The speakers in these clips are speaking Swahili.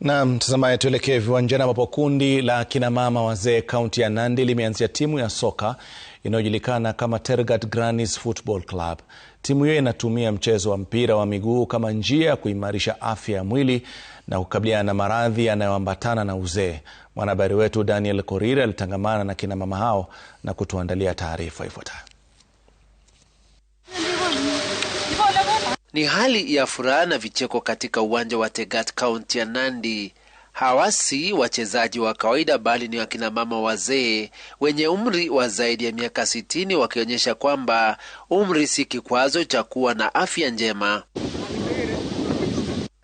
Na mtazamaji, tuelekee viwanjani ambapo kundi la kinamama wazee kaunti ya Nandi limeanzia timu ya soka inayojulikana kama Tergat Grannies Football Club. Timu hiyo inatumia mchezo wa mpira wa miguu kama njia ya kuimarisha afya ya mwili na kukabiliana na maradhi yanayoambatana na uzee. Mwanahabari wetu Daniel Korira alitangamana na kinamama hao na kutuandalia taarifa ifuatayo. Ni hali ya furaha na vicheko katika uwanja wa Tegat, kaunti ya Nandi. Hawa si wachezaji wa kawaida bali ni wakina mama wazee wenye umri wa zaidi ya miaka sitini, wakionyesha kwamba umri si kikwazo cha kuwa na afya njema.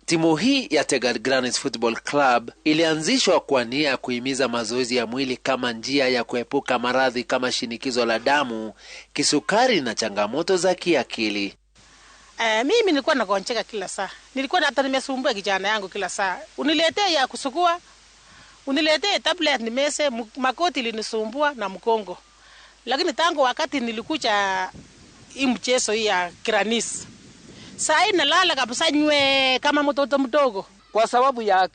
Timu hii ya Tegat Grannies Football Club ilianzishwa kwa nia ya kuhimiza mazoezi ya mwili kama njia ya kuepuka maradhi kama shinikizo la damu, kisukari na changamoto za kiakili. Eh, mimi nilikuwa nagonjeka kila saa, nilikuwa hata nimesumbua kijana yangu kila saa, uniletee ya kusukua, uniletee tablet nimese, makoti linisumbua na mkongo. Lakini tangu wakati nilikuja hii mchezo hii ya kiranis, saa hii nalala kabisa nywe kama mtoto mdogo, kwa sababu ya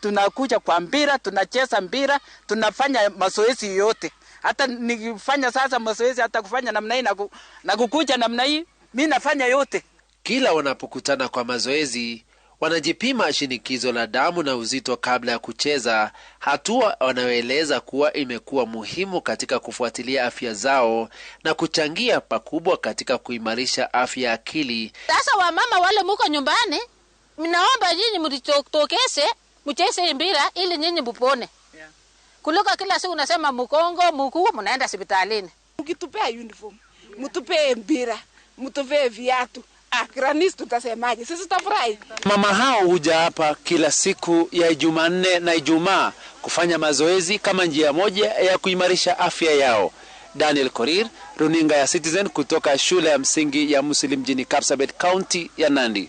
tunakuja kwa mpira, tunacheza mpira, tunafanya mazoezi yote. Hata nikifanya sasa mazoezi, hata kufanya namna hii na kukuja namna hii, mimi nafanya yote. Kila wanapokutana kwa mazoezi, wanajipima shinikizo la damu na uzito kabla ya kucheza, hatua wanayoeleza kuwa imekuwa muhimu katika kufuatilia afya zao na kuchangia pakubwa katika kuimarisha afya ya akili. Sasa wamama wale muko nyumbani, mnaomba nyinyi mlitokese mcheze mpira ili nyinyi mupone, yeah. kuliko kila siku nasema mkongo mkuu mnaenda sipitalini. Mkitupea uniform, mtupee mpira, mtupee viatu akranis ah, tutasemaje? Sisi tutafurahi. Mama hao huja hapa kila siku ya Jumanne na Ijumaa kufanya mazoezi kama njia moja ya kuimarisha afya yao. Daniel Korir, runinga ya Citizen kutoka shule ya msingi ya Muslim mjini Kapsabet, kaunti ya Nandi.